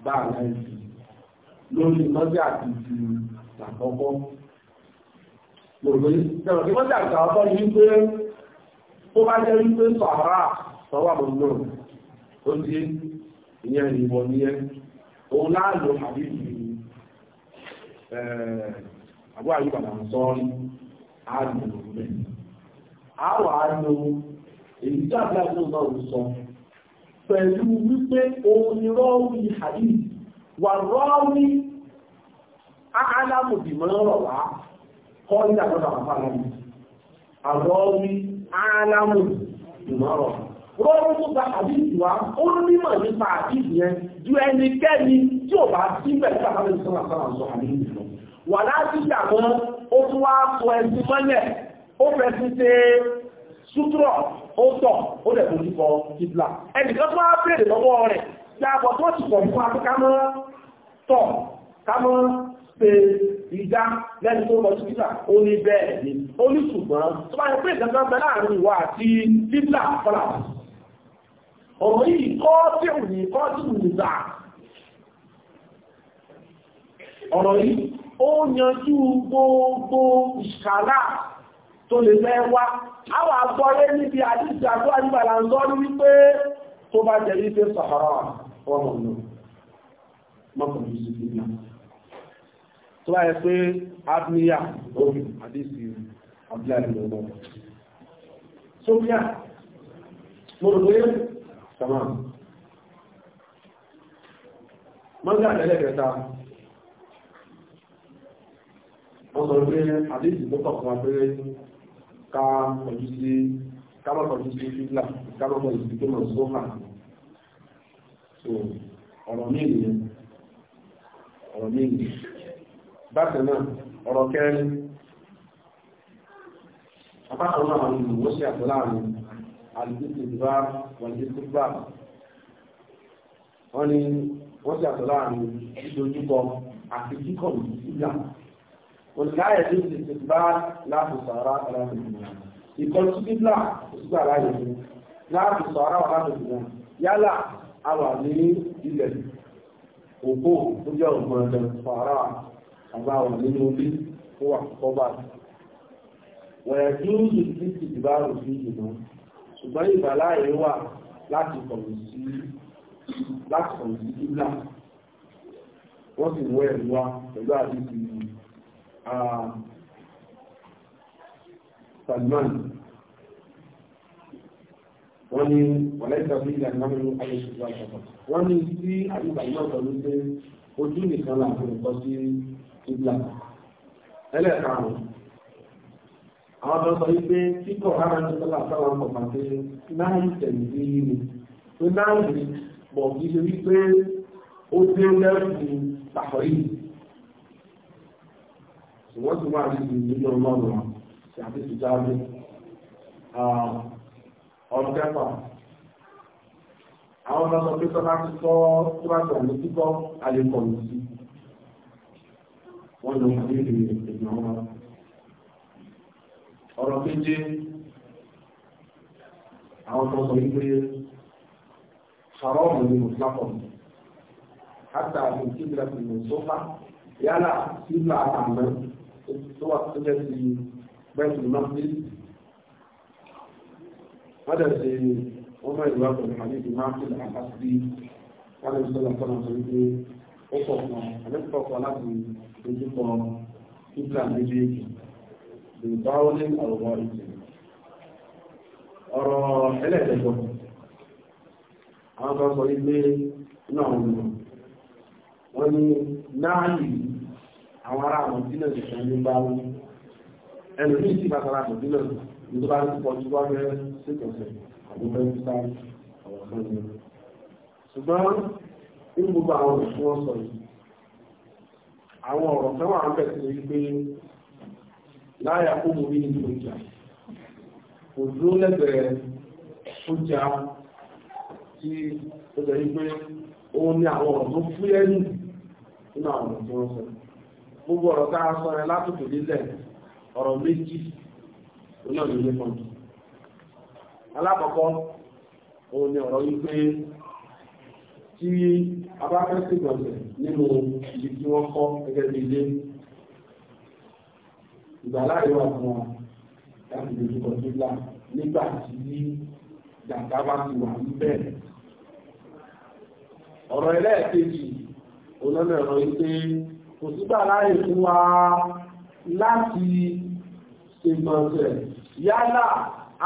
A: bá a láì lórí mọ́jà àti ti àkọ́kọ́ lòdì tẹ̀wọ̀n tí mọ́jà àti àkọ́kọ́ ní wípé tó bá jẹ́ wípé sọ̀rọ̀ sọ́wọ́ àmọ́ náà ó ti yé ìyẹn ìwọ̀ níyẹn òun láàlò àbíkì àbúrò àyípadà sọ́ọ́rí àlò rẹ̀ àwọ̀ àlò èyí tí àbúrò àti ọ̀gá òun sọ pẹ̀lú wípé òun ni rọ́ọ̀wì hadith wà rọ́ọ̀wì alámùdìmọ́ rọ̀ wá kọ́ ní rọ́ọ̀rù tó gba àdìsí wa ó nímọ̀ nípa àdìsí yẹn ju ẹnikẹ́ni tí ò bá síbẹ̀ nípa bá lẹ́sọ̀ náà sára sọ àdìsí lọ. wà láti ṣàmọ́ ó tún wá sọ ẹsìn mọ́lẹ̀ ó fẹ́ sí ṣe sútúrọ̀ ó tọ̀ ó lẹ̀ fojú kọ kíbla ẹnìkan tó wá béèrè lọ́wọ́ rẹ̀ yàgò tó ti pọ̀ fún akẹ́kọ̀ọ́ mọ́ tọ̀ kámọ́ pé ìdá lẹ́nu tó lọ sí kíbla ó ní bẹ́ẹ̀ ni ó ní ṣùgbọ́n tó bá yẹ pé ìdánilọ́gbẹ́ láàrin ìwà àti kíbla fọlá ọ̀rọ̀ yìí kọ́ tí ò ní kọ́ tí ò ní zà ọ̀rọ̀ yìí ó yanjú gbogbo ìṣàlá tó lè fẹ́ wá àwọn àgbọ́yé níbi àdíjì àgbọ́ àdíbàlà ń sọ ní wípé tó bá jẹ wípé sàhárà ọmọ ìlú pé abniya orí mo rò sọ́mọ́ mọ́gá ẹlẹ́kẹta wọ́n sọ pé àdéjì tó kọ̀ fún abẹ́rẹ́ ká pọ̀jú sí kábọ̀kọ̀jú sí fílà kábọ̀kọ̀jú sí tó mọ̀ sófà ọ̀rọ̀ míì nìyẹn ọ̀rọ̀ míì nìyẹn bákan náà ọ̀rọ̀ kẹrin apákan náà àwọn olùwọ́sí àtọ́láàrin alìdíkùnbá wàlìdíkùnbá wọ́n ní wọ́n ti àtọ̀ láàrin ìdójúkọ àti kíkọ̀ ìgbà olùkáyẹ̀ tó ti ti bá láti sọ̀rọ̀ àtàrà ìgbìmọ̀ ìkọlù sí bíblà òṣùgbà láyé ní láti sọ̀rọ̀ àwọn láti ìgbìmọ̀ yálà a wà ní ilẹ̀ òpó tó jẹ́ ògbọ̀n ẹ̀dẹ̀ sọ̀rọ̀ àbáwọ̀ nínú orí tó wà kọ́bà wọ̀nyẹ̀ tó ti ti bá òṣùgbà ṣùgbọ́n ìgbàláyé wà láti kọ̀wé sí láti kọ̀wé sí kíbla wọ́n sì wọ ẹ̀rù wa pẹ̀lú àdìsí Salman wọ́n ní ọ̀lẹ́sẹ̀ fún ìlànà nínú ayéṣùgbọ́ àṣàkọ̀ wọ́n ní sí àdìsí àyíká pẹ̀lú pé ojú nìkan làwọn ẹ̀kọ́ sí kíbla ẹlẹ́ẹ̀karùn-ún àwọn tó sọ wípé kíkọ̀ ara ní sọ́lá sáwọn ọmọ pàtẹ́ láì tẹ̀lé sí ìlú tó láì rí bọ̀ kí ṣe wípé ó dé lẹ́rù pàtọ́ yìí ṣùgbọ́n tó máa rí ìlú nínú ọlọ́run àti àti ìjáde ọ̀rọ̀ kẹfà àwọn ọmọ sọ pé sọ́lá ti sọ tó bá tẹ̀lé kíkọ́ alẹ́ sí wọ́n lọ sí ìlú ìgbìmọ̀ ọ̀rọ̀ méje àwọn tó sọ wípé ṣàrọ́ọ̀mù ni mo sápọ̀ mi hátà mi kí n lọ́pọ̀ mi sófà yálà sílà àmọ́ tó wà tó jẹ́ ti bẹ́ẹ̀sì lọ́pọ̀ wọ́n dẹ̀ ṣe wọ́n mọ̀ ìlú àpọ̀ nípa ní ìdímá sílẹ̀ àpáṣí wọ́n lè sọ́lá sọ́lá sọ wípé ó pọ̀ fún ọ àlẹ́kọ̀ọ́ láti ojúkọ kíkà méjèèjì lè bá ó ní àwọ̀ ìjì ọ̀rọ̀ ẹlẹ́ẹ̀dẹ́gbọ́ àwọn kan sọ ilé inú àwọn olùmọ̀ wọ́n ní náàlì àwọn ará àwọn sílẹ̀ ìṣẹ́ ní bá wọn ẹnu ní ìsìn bàtàrà àwọn sílẹ̀ ní tó bá ń pọ̀ tí wọ́n fẹ́ ṣètọ̀sẹ̀ àbúfẹ́ àwọn ọ̀rọ̀ kan wà ń bẹ̀ sí pé láyà kó mú bí nínú ìjà kò dúró lẹ́gbẹ̀ẹ́ ìjà tí ó jẹ́ wípé ó ní àwọn ọ̀rọ̀ tó fúyẹ́ nù nínú àwọn ọ̀rọ̀ tó ń sọ gbogbo ọ̀rọ̀ tá sọ ẹ látòkò nílẹ̀ ọ̀rọ̀ méjì oní ọ̀rọ̀ ilé kan alákọ̀ọ́kọ́ òun ni ọ̀rọ̀ wípé tí a sí ìgbọ̀nsẹ̀ nínú ibi tí wọ́n kọ́ gẹ́gẹ́ bí ilé ìgbàláàrí wà fún wọn láti dojú kọ síbílà nígbà tí jàǹdà bá ti wà níbẹ̀. ọ̀rọ̀ ẹlẹ́ẹ̀kejì olóńgbò ẹ̀rọ yìí pé kò sígbà láàyè fún wa láti ṣègbọ̀nsẹ̀ yálà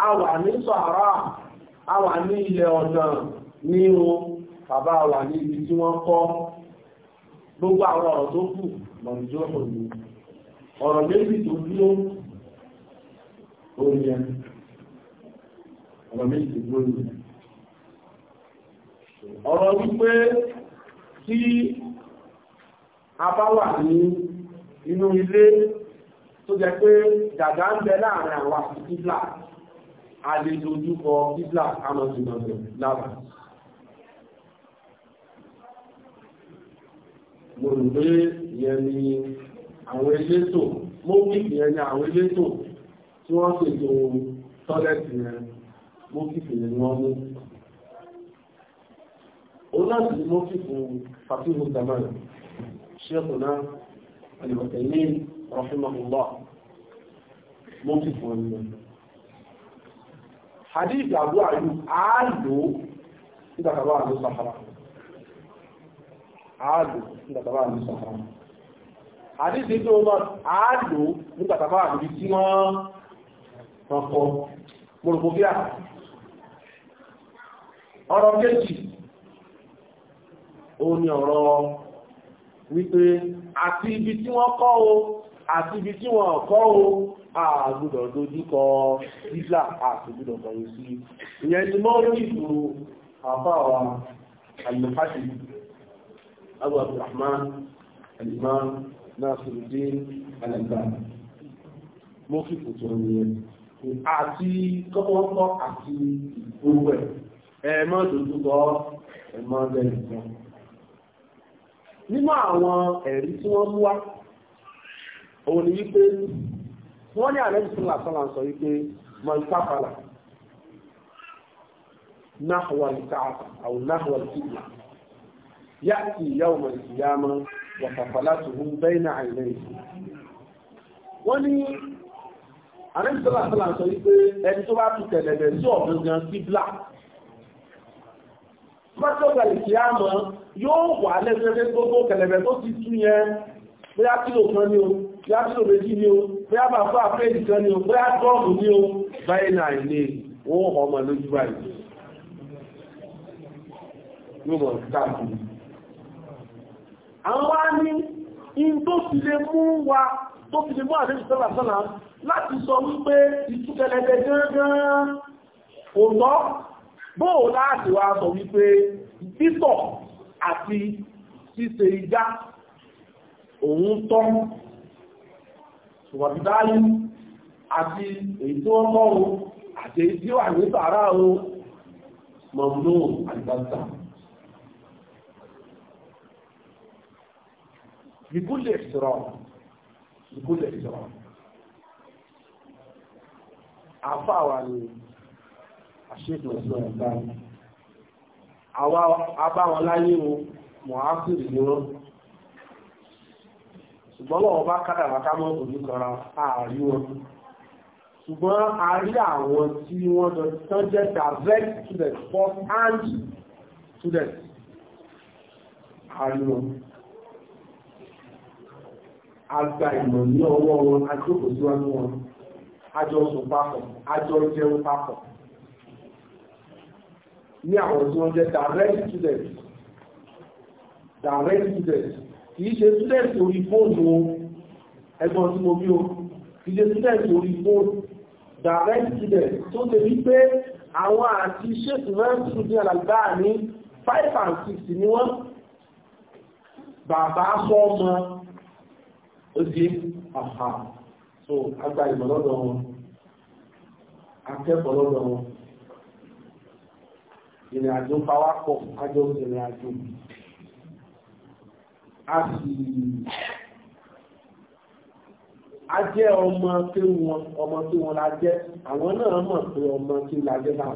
A: a wà ní sàárà a wà ní ilẹ̀ ọ̀dàn ní o bàbá wà ní ibi tí wọ́n kọ́ gbogbo àwọn ọ̀rọ̀ tó kù lọ́nà ìjọ́ òní ọ̀rọ̀ méjì tó dúró orí ẹ̀ ọ̀rọ̀ méjì tó dúró orí ẹ̀ ọ̀rọ̀ wípé tí a bá wà ní inú ilé tó jẹ́ pé dàdá ń bẹ láàrin àwọn àti kíblà a lè dojúkọ kíblà amọ̀sìmọ̀sẹ̀ lára mo rò pé ìyẹn ni àwọn elétò mọ́kìkì yẹn àwọn elétò tí wọ́n ṣètò tọ́lẹ̀tì yẹn mọ́kìkì yẹn wọ́n mú òun láti ní fàtíhù zamani ṣẹ́kùnà alìbàtẹ̀ní rahimahullah mọ́kìkì wọn ni hadith Sahara. àdíṣe tó lọ àálò ní pàtàkì àbúrí tí wọ́n rọ̀pọ̀ mọ̀rọ̀kọ̀fíà ọ̀rọ̀ kejì ó ní ọ̀rọ̀ wípé àti ibi tí wọ́n kọ́ o àti ibi tí wọ́n kọ́ o àgbùdọ̀ dojúkọ bíblà àgbùdọ̀ kọ̀yìn sí ìyẹn ni mọ́ ní ìlú abu abdulrahman alimam Nasiruddin Al-Albani mo fi kòtò nìyẹn àti kọ́kọ́kọ́ àti gbogbo ẹ̀ ẹ mọ́ dojú kọ ẹ mọ́ lẹ́yìn kan nínú àwọn ẹ̀rí tí wọ́n mú wá òun ni wípé wọ́n ní àlẹ́ ìsinmi àsánlá sọ wípé mọ̀ ìpápalà náà wà ní káàkà àwọn náà ìyá ọmọ máa wàtàfàlátùhù bẹ́ẹ̀nà àìlẹ́ ìsìn wọ́n ní anẹ́sìtọ́lá sọ wípé ẹni tó bá tún tẹ̀lẹ̀bẹ̀ sí ọ̀gbọ̀ngàn sí blá mọ́tòkàlì kí á mọ́ yóò wà lẹ́sẹ̀ẹ́sẹ́ gbogbo kẹ̀lẹ̀bẹ̀ tó ti tún yẹn bóyá kílò kan ní o bóyá kílò méjì ní o bóyá bàbá àpéjì kan ní o bóyá gọ́ọ̀mù ní o bẹ́ẹ̀nà àìlẹ́ wọ́n ọmọ lójú báyìí yóò mọ̀ káàkiri àwọn wá ní in tó fi lè mú wa tó fi lè mú àdébì sọ́làsọ́là láti sọ wípé ìtúkẹlẹ̀gẹ̀ gángan òlọ́ bóò láti wá sọ wípé títọ̀ àti ṣíṣe igá òun tọ́ ṣùgbọ̀dálí àti èyí tó ọlọ́run àti èyí tí wà ní sàárà o mọ̀mọ́ àdìbàtà بكل احترام بكل احترام àfáwà ni àṣẹ́tọ̀ sí ọ̀gá àbáwọn láyé wo mọ̀háfíìrì ni wọ́n ṣùgbọ́n lọ́wọ́ bá kádàrà ká mọ́ òní kanra ààrí wọn ṣùgbọ́n a rí àwọn tí wọ́n tán jẹ́ direct students first hand students ààrí wọn àgbà ìmọ̀ ní ọwọ́ wọn ajókòó síwájú wọn ajọ sùn papọ̀ ajọ jẹun papọ̀ ní àwọn tí wọ́n jẹ́ direct student direct student kì í ṣe student orí fóònù o ẹgbọ́n tí mo bí o kì ṣe student orí fóònù direct student tó ṣe wípé àwọn àti ṣètò mẹ́rin tó ní àlàgbà ní 5 and six, ni wọ́n bàbá sọ ọmọ ó sì àhà so agba ìmọ̀ lọ́dọ̀ wọn akẹ́kọ̀ọ́ lọ́dọ̀ wọn ìrìn àjò pawápọ̀ ajọ́ ìrìn àjò a sì a jẹ́ ọmọ tí wọn ọmọ tí wọn la jẹ́ àwọn náà mọ̀ pé ọmọ tí la jẹ́ náà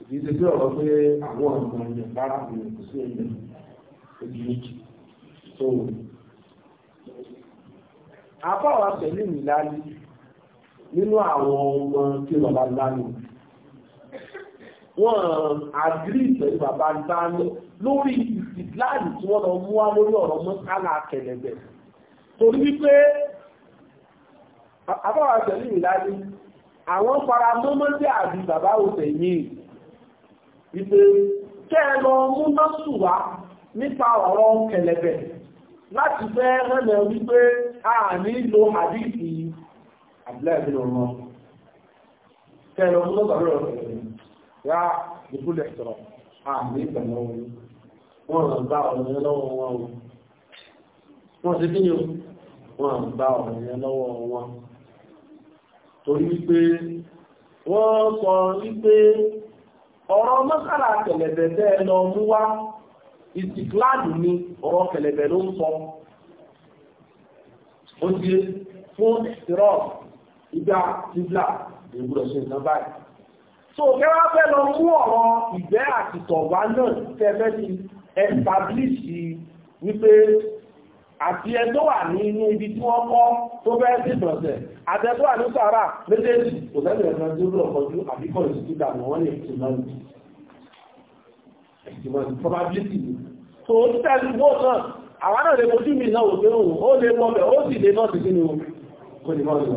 A: ìdí ti pé ọ̀rọ̀ pé àwọn ọmọ ìyẹn rárá mi kò sí ẹ̀yẹ ojú méjì tó wù mí àbáwá pẹ̀lú ìlàlí nínú àwọn ọmọ tí bàbá lánàá wọ́n àgírí pẹ̀lú bàbá lánàá lórí ìsìláàlì tí wọ́n lọ mú wá lórí ọ̀rọ̀ mọ́sálà kẹlẹ̀bẹ̀ torí wípé àbáwá pẹ̀lú ìlàlí àwọn fara mọ́mọ́dé àbí bàbá òtẹ̀ yìí wípé kẹ́ ẹ lọ mú mọ́sùwá nípa ọ̀rọ̀ kẹlẹ̀bẹ̀ láti fẹ́ rẹ̀lẹ̀ wípé a nílò àdíkì àbílẹ̀-ìbílẹ̀ ọmọ kẹrọ ọmọ lọ́gbàrọ̀ ya ìpúlẹ̀ ìtọ̀rọ̀ a ní ìgbẹ̀mọ̀ wọn wọ́n bá ọ̀rẹ́ lọ́wọ́ wọn wọ́n ti kíyàn wọ́n bá ọ̀rẹ́ lọ́wọ́ wọn torí wípé wọ́n sọ wípé ọ̀rọ̀ mọ́kànlá tẹ̀lẹ̀tẹ̀ lọ mú wá ìsìkláàdì ni ọ̀rọ̀ kẹlẹ̀bẹ̀ ló ń sọ ó ti fún ìrọ̀ ìgbà tíblà ìgbúrọ̀ ṣe ìtàn báyìí so kẹwàá fẹ́ lọ mú ọ̀rọ̀ ìgbẹ́ àti tọ̀wá náà tẹ́fẹ́ ti ẹ̀tàbílìsì wípé àti ẹjọ́ wà ní inú ibi tí wọ́n kọ́ tó fẹ́ sí ìtọ̀sẹ̀ àti ẹjọ́ wà ní sàárà méjèèjì kò sẹ́lẹ̀ ẹ̀sán tí ó lọ́kọ̀ọ́jú àbíkọ̀ ìsìkí ìmọ̀ probability so ó títà ìgbó náà àwọn náà lè mojú mi náà òjò òun ó lè mọ́ bẹ̀ ó sì lè náà sí sínú kò lè mọ́ ìlọ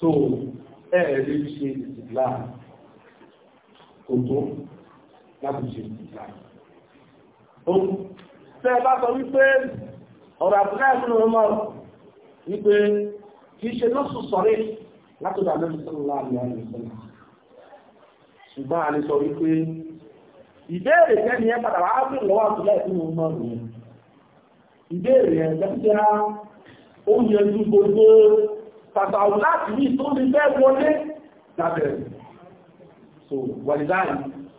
A: so ẹ ẹ lè ṣe ìsìlá kò tó láti ṣe ìsìlá ó tẹ́ bá sọ wípé ọ̀rọ̀ àbúrá ìfúnnu mọ́ wípé kì í ṣe lọ́sù sọ̀rí látọ̀dà mẹ́rin sọ́rọ̀ láàrin àwọn ìṣẹ́lẹ̀ ṣùgbọ́n a lè sọ wípé ìbéèrè tẹ́ni ẹ padà wá bí lọ́wọ́ àtúlẹ̀ tí mo mọ̀ nìyẹn ìbéèrè ẹ̀ lẹ́gbẹ́ra ó yẹ ju gbogbo pàtàkì láti ní tó ní fẹ́ wọlé lábẹ̀rẹ̀ so wàlìdáì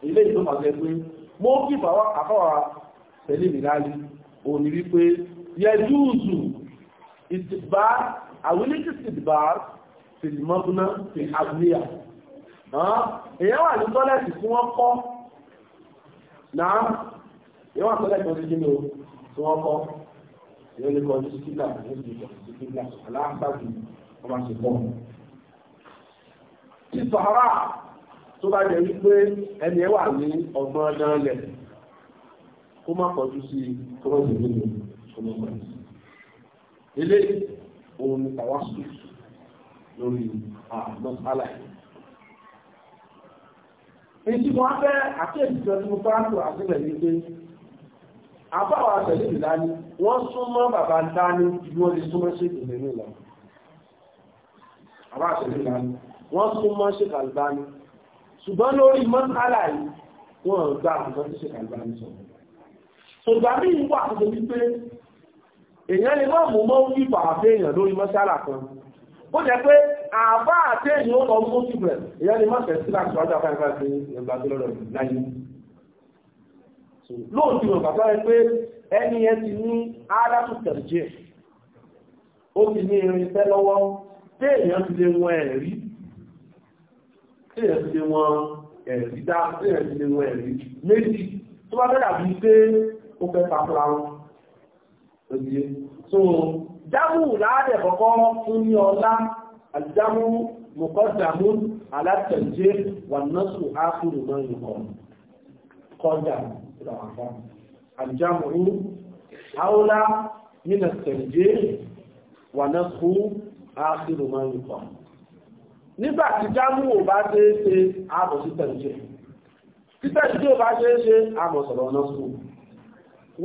A: ilé ìlú màṣẹ pé mo kí àfọwà tẹ̀lé mi láyé ò ní wípé yẹjúùzù ìtìbá àwílítì ìtìbá fìlìmọ́gbọ́ná fi àgbéyà èèyàn wà ní tọ́lẹ̀tì tí wọ́n kọ́ náà yóò wà sọ́lẹ̀ kan sí kí ni o tí wọ́n kọ́ yóò lè kọjú sí kíkà yóò sì kọjú sí kíkà aláàbàbí wọ́n máa ṣe pọ̀. tí sọ̀rọ̀ tó bá jẹ́ wípé ẹni ẹ wà ní ọgbọ́n dánlẹ̀ kó má kọjú sí kó má sì nínú kó má kọjú sí. ilé òun ni tàwa sùn lórí àmọ́ ah, aláìsí. Èyí mo á fẹ́ àkíyèsíjọ tí mo bá ń tò àsìlẹ̀ yìí pé àbáwọ̀ àtẹ̀lé ìlànà wọ́n súnmọ́ bàbá ń dání ju wọ́n lè súnmọ́ sí ìpínlẹ̀ ní ìlànà. Àbá àtẹ̀lé ìlànà wọ́n súnmọ́ sí kàlùbáni. Ṣùgbọ́n lórí mọ́sálà yìí wọ́n gbà àtúntọ́ sí kàlùbáni sọ̀rọ̀. Ṣùgbà mí wà tuntun wípé èèyàn lè má mú àbá àtẹ́yìn ó lọ mú sí rẹ̀ ìyá ni má fẹ́ sí láti wájú àbá ìfà sí ìgbà tó lọ́rọ̀ láyé lóòtú rẹ̀ bàbá rẹ̀ pé ẹni ẹ ti ní ádámù tẹ̀lẹ́jẹ́ ó ti ní irinṣẹ́ lọ́wọ́ téèyàn ti lè wọn ẹ̀rí téèyàn ti lè wọn ẹ̀rí dá téèyàn ti lè wọn ẹ̀rí méjì tó bá fẹ́ dàbí pé ó fẹ́ papọ̀ àwọn òbí so dáhùn láàdẹ̀ kọ̀kọ́ fún ní ọlá àdámú mọ̀kọ́dàmú على wà nọ́sù ákùrù náà nìkọ́ kọ́dà ìdàwàfà àjámù من nínà tẹ̀jẹ́ wà nọ́sù ákùrù náà nìkọ́ nígbà tí jámù ò bá ṣe é ṣe àbọ̀ sí tẹ̀jẹ́ títẹ̀jẹ́ ò bá ṣe é ṣe àbọ̀ sọ̀rọ̀ nọ́sù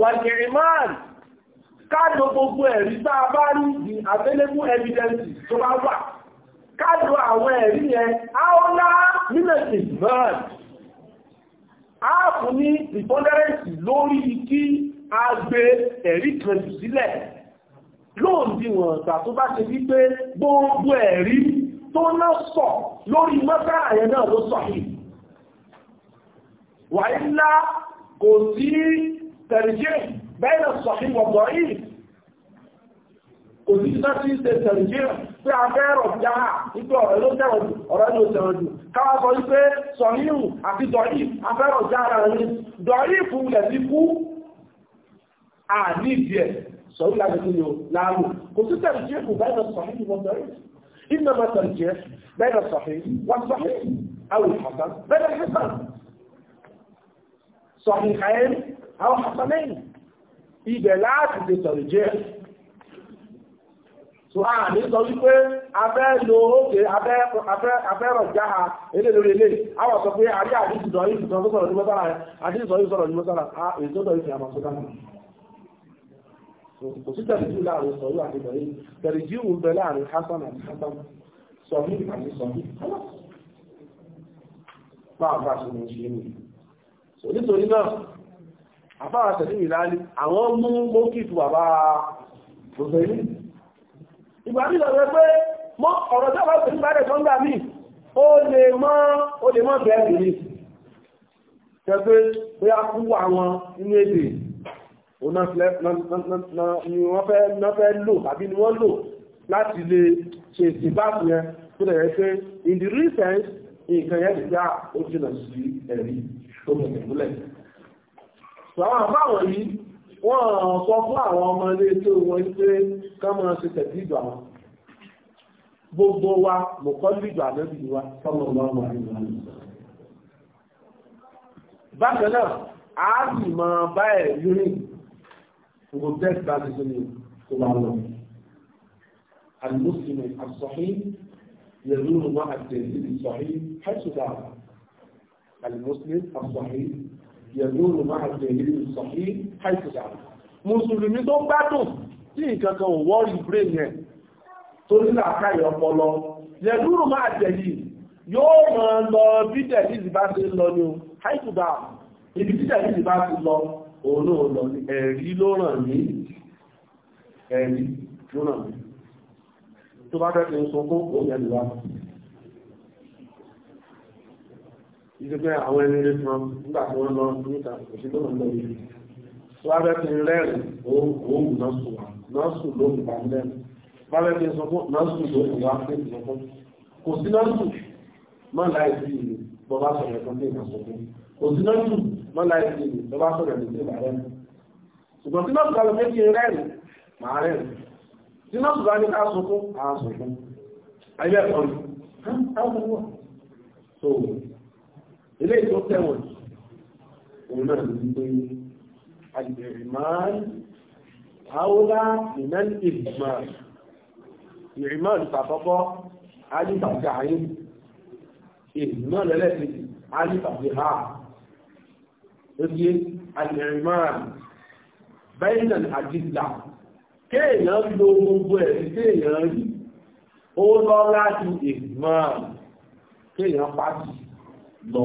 A: wà nìrìmáàlì káàdọ̀ gbogbo ẹ̀rí tá a bá rí the available evidence tó bá wà kádù àwọn ẹ̀rí yẹn áọ́lá mílẹ̀sì náà áàpù ní ìfọ́ndẹ́rẹ́sì lórí kí a gbé ẹ̀rí kan jù sílẹ̀ lóòdíwọ̀n ìgbà tó bá ṣe wípé gbogbo ẹ̀rí tó náà sọ lórí mọ́tà àyẹn náà ló sọ yìí wà ńlá kò sí tẹ̀rìjẹ́ bẹ́ẹ̀ sọ̀hìn wọ̀gbọ̀n yìí kò sí láti ṣe tẹ̀lẹ̀jìrì pé a fẹ́ rọ̀ bí ara ipé ọ̀rẹ́ ló tẹ̀wọ̀n jù ọ̀rẹ́ ló tẹ̀wọ̀n jù káwà sọ wípé sọ̀hírù àti dọ̀rí a fẹ́ rọ̀ bí ara rẹ̀ dọ̀rí fún ilẹ̀ sí kú àní ìdíẹ̀ sọ̀rí láti fún yóò láàrù kò sí tẹ̀lẹ̀jìrì kò bẹ́ẹ̀ sọ̀hírù wọn dọ̀rí إنما ترجيح بين الصحيح والصحيح أو الحسن بين الحسن صحيحين أو حسنين إذا لا so a ní sọ wípé abẹ́ lo ókè abẹ́rọ̀ jáha elé lórí elé àwọn sọ pé àrí àdíjì sọ yìí sọ sọ̀rọ̀ ní mọ́sára rẹ̀ àdíjì sọ yìí sọ̀rọ̀ ní mọ́sára èyí tó dọ̀yìn àmà sọ́dá kò sí tẹ̀rìjú láàrin sọ yìí àti dọ̀yìn tẹ̀rìjú ń bẹ láàrin hasan àti hasan sọ yìí àti sọ yìí máa bá ṣe ní ṣe ní so nítorí náà àfáà tẹ̀lé ìlàlí àwọn mú mọ́kì fún bàbá òṣèlú ìgbà mí lọ pé mọ́ ọ̀rọ̀ tó bá pè ní bàrẹ̀ tó ń gbà mí ó lè mọ́ ó lè láti lè ṣe ìsìnbáàbù yẹn tó lè pé in the real nǹkan yẹn nígbà ó jìnà sí ẹ̀rí tó mọ̀ wọ́n sọ fún àwọn ọmọ ilé tó wọ́n pé ká máa ṣe tẹ̀lé ìdò àwọn gbogbo wa mọ̀kọ́ lìdò àlẹ́bì wa sọ́mọ̀ ọmọ àríwá bákan náà a sì máa bá ẹ̀ rírìn kò tẹ́sí bá ti tó bá lọ àlùmọ́sìnì àsọ̀hí yẹ̀rù mọ́ àtẹ̀lé ìsọ̀hí hẹ́sùdà àlùmọ́sìnì àsọ̀hí yẹ̀dúrù máa jẹ ìlú sọ̀fí haìsìdá mùsùlùmí tó gbádùn tí ìkankan ò wọ́rí brain yẹn tó nílà káyọ̀ ọpọlọ yẹ̀dúrù máa jẹ yìí yóò mọ̀ lọ bí dẹ̀lìsì bá ti lọ ní haìsìdá ibi tí dẹ̀lìsì bá ti lọ òun náà lọ ní ẹ̀rí ló ràn mí ẹ̀rí ló ràn mí tó bá fẹ́ fi ń sunkún òun yẹn ìdígbé àwọn ẹni rẹ̀ fún nígbà tí wọ́n lọ níta òsì tó lọ yìí wábẹ́ ti rẹ́rìn òun nọ́ọ̀sù wa nọ́ọ̀sù ló ń bá lẹ́nu wábẹ́ ti sọ fún nọ́ọ̀sù ló ń wá pé ìsọ fún kò sí nọ́ọ̀sù mọ́ láì sí ìlú bọ́ bá sọ̀rọ̀ ẹ̀kọ́ ní ìsọ fún kò sí nọ́ọ̀sù mọ́ láì sí ìlú bọ́ bá sọ̀rọ̀ ẹ̀kọ́ ní ìsọ fún ṣùgbọ́n tí nọ́ọ̀sù sọ fún ilé ìtọ́ tẹ̀wọ̀n òun náà ló ń gbé alìrìmáàlì àwòrá ìnáni ìrìmáàlì ìrìmáàlì tàkọ́kọ́ alìbàjá ayé ìrìmáàlì ẹlẹ́sìn alìbàjá ha lórí alìrìmáàlì bẹ́ẹ̀nà àjíjà kéèyàn lo gbogbo ẹ̀rí kéèyàn rí ó lọ láti ìrìmáàlì kéèyàn pàtì lọ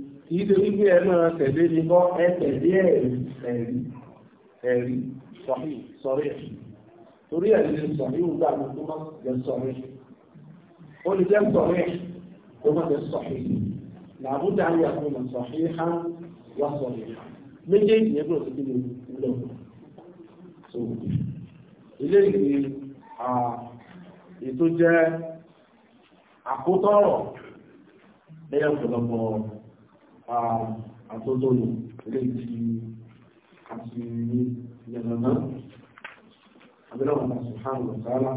A: kìí ṣe wípé ẹ máa tẹ̀lé ní bọ́ ẹ tẹ̀lé ẹ̀rí ẹ̀rí ẹ̀rí sọ̀rí sọ̀rí ẹ̀ torí ẹ̀ lè sọ̀rí ìgbà gbogbo má jẹ́ sọ̀rí ó lè jẹ́ sọ̀rí ẹ̀ tó má jẹ́ sọ̀rí làbúdà ń yàgò mọ̀ sọ̀rí há wá sọ̀rí há méjèèjì yẹn gbọ́dọ̀ sí kíni lọ so ilé ìgbé ètò jẹ́ àkótọ́rọ̀ lẹ́yìn ọ̀pọ̀lọpọ̀ ọ̀rọ̀ àtótónù lè ti àti ìyànàná abẹ́lọ́wọ̀n àṣìhàn ọ̀sára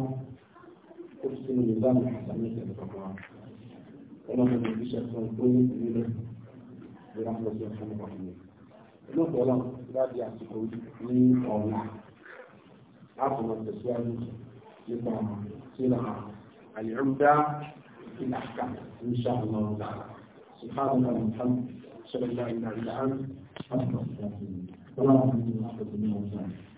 A: ó ti sínú ìdáàmù àtàmì ìtẹ̀lẹ̀kọ̀kọ̀ ọlọ́run ìgbésẹ̀ fún tó ní ìlú rẹ̀ lọ́pọ̀lọpọ̀ fún ọkùnrin inú ọ̀pọ̀lọ́ láti àsìkò ní ọ̀la láti mọ̀ tẹ̀síwájú أشهد أن لا إله إلا أنت أستغفرك ولا أعلم أنك